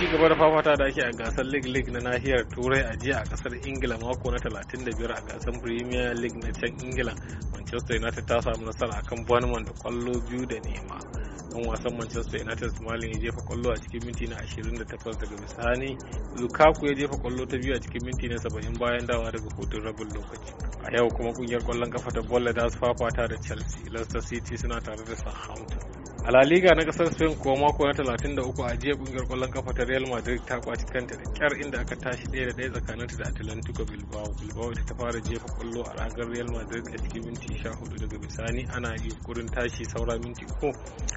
ci gaba da fafata da ake a gasar league league na nahiyar turai a jiya a kasar ingila mako na 35 a gasar premier league na can ingila manchester united ta samu nasara akan bournemouth da kwallo biyu da nema dan wasan manchester united smalling ya jefa kwallo a cikin minti na 28 daga bisani lukaku ya jefa kwallo ta biyu a cikin minti na 70 bayan dawa daga hutun rabin lokaci a yau kuma kungiyar kwallon kafa ta bolle da su fafata da chelsea leicester city suna tare da southampton a la liga na kasar spain kuma mako na 33 a jiya kungiyar kwallon kafa ta real madrid ta kwaci kanta da kyar inda aka tashi ɗaya da ɗaya tsakaninta da atlantico bilbao bilbao ita ta fara jefa kwallo a ragar real madrid a cikin minti 14 daga bisani ana yunkurin tashi saura minti uku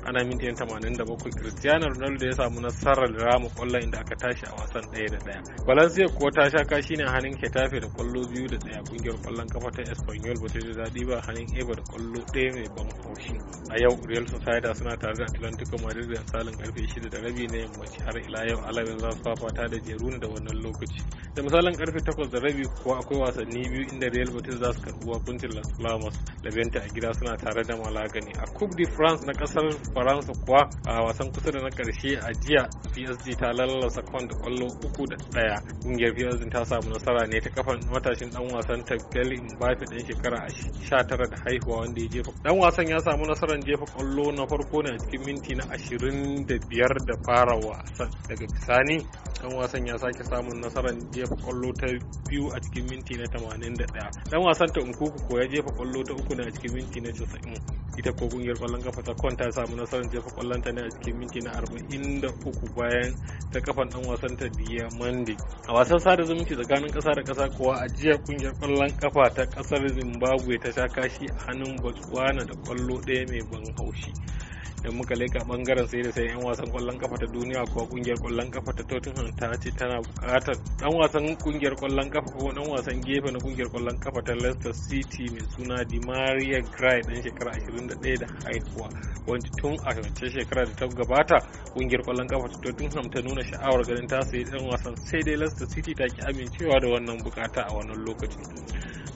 ana minti 87 cristiano ronaldo ya samu nasarar rama kwallon inda aka tashi a wasan ɗaya da ɗaya valencia kuwa ta sha kashi ne a hannun ketafe da kwallo biyu da ɗaya kungiyar kwallon kafa ta espanyol ba ta ji daɗi ba hannun eba da kwallo ɗaya mai ban haushi a yau real society suna tare da atlantico madrid da salin karfe shida da rabi na yammaci har ila yau alabin za su fafata da jeruna da wannan lokaci da misalin karfe takwas da rabi kuwa akwai wasanni biyu inda real betis za su karɓi wakuncin las palmas labenta a gida suna tare da malaga ne a coupe de france na kasar faransa kuwa a wasan kusa da na karshe a jiya psg ta lalasa kwan da kwallo uku da ɗaya ƙungiyar psg ta samu nasara ne ta kafan matashin dan wasan ta Mbappe ɗan shekara 19 da haihuwa wanda ya jefa. Dan wasan ya samu nasarar jefa kwallo na farko ne a cikin minti na 25 da fara wasan. Daga bisani dan wasan ya sake samun nasarar jefa kwallo ta biyu a cikin minti na 81 dan wasan ta unkuku ko ya jefa kwallo ta uku ne a cikin minti na 90 ita ko kungiyar kwallon kafa ta kon ta samu nasarar jefa kwallon ta ne a cikin minti na 43 bayan ta kafan dan wasan ta diamandi a wasan sada zumunci tsakanin kasa da kasa kuwa a jiya kungiyar kwallon kafa ta kasar zimbabwe ta sha kashi a hannun botswana da kwallo ɗaya mai ban haushi in muka leka bangaren sai da sai yan wasan kwallon kafa ta duniya ko kungiyar kwallon kafa ta Tottenham ta ce tana bukatar dan wasan kungiyar kwallon kafa ko dan wasan gefe na kungiyar kwallon kafa ta Leicester City mai suna Di Maria Gray dan shekara 21 da haihuwa wanda tun a wancan shekara da ta gabata kungiyar kwallon kafa ta Tottenham ta nuna sha'awar ganin ta sai dan wasan sai dai Leicester City ta ki amincewa da wannan bukata a wannan lokacin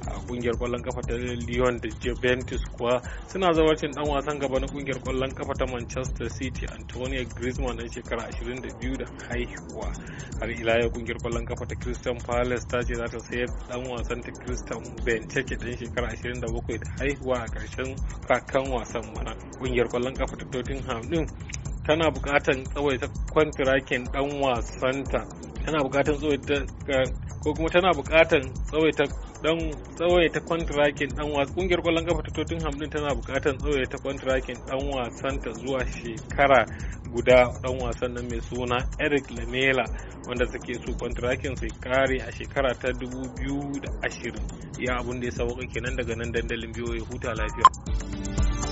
a kungiyar kwallon kafa ta Lyon da Juventus kuwa suna zawarcin dan wasan gaba na kungiyar kwallon kafa ta Manchester City Antonio Griezmann dan shekara 22 da haihuwa har ila yau kungiyar kwallon kafa ta Crystal Palace ta ce za ta sayar dan wasan ta Crystal Benteke dan shekara 27 da haihuwa a karshen kakan wasan mana kungiyar kwallon kafa ta Tottenham din tana bukatan tsawaita kwantirakin dan wasanta tana bukatan ta eh, ko kuma tana bukatan tsawaita don tsawaita kwantirakin dan wasa kungiyar kwallon kafa ta Tottenham din tana bukatar tsawaita kwantirakin dan wasan ta zuwa shekara guda dan wasan nan mai suna Eric Lamela wanda suke su kwantirakin sai kare a shekara ta 2020 ya abun da ya sauka kenan daga nan dandalin biyo ya huta lafiya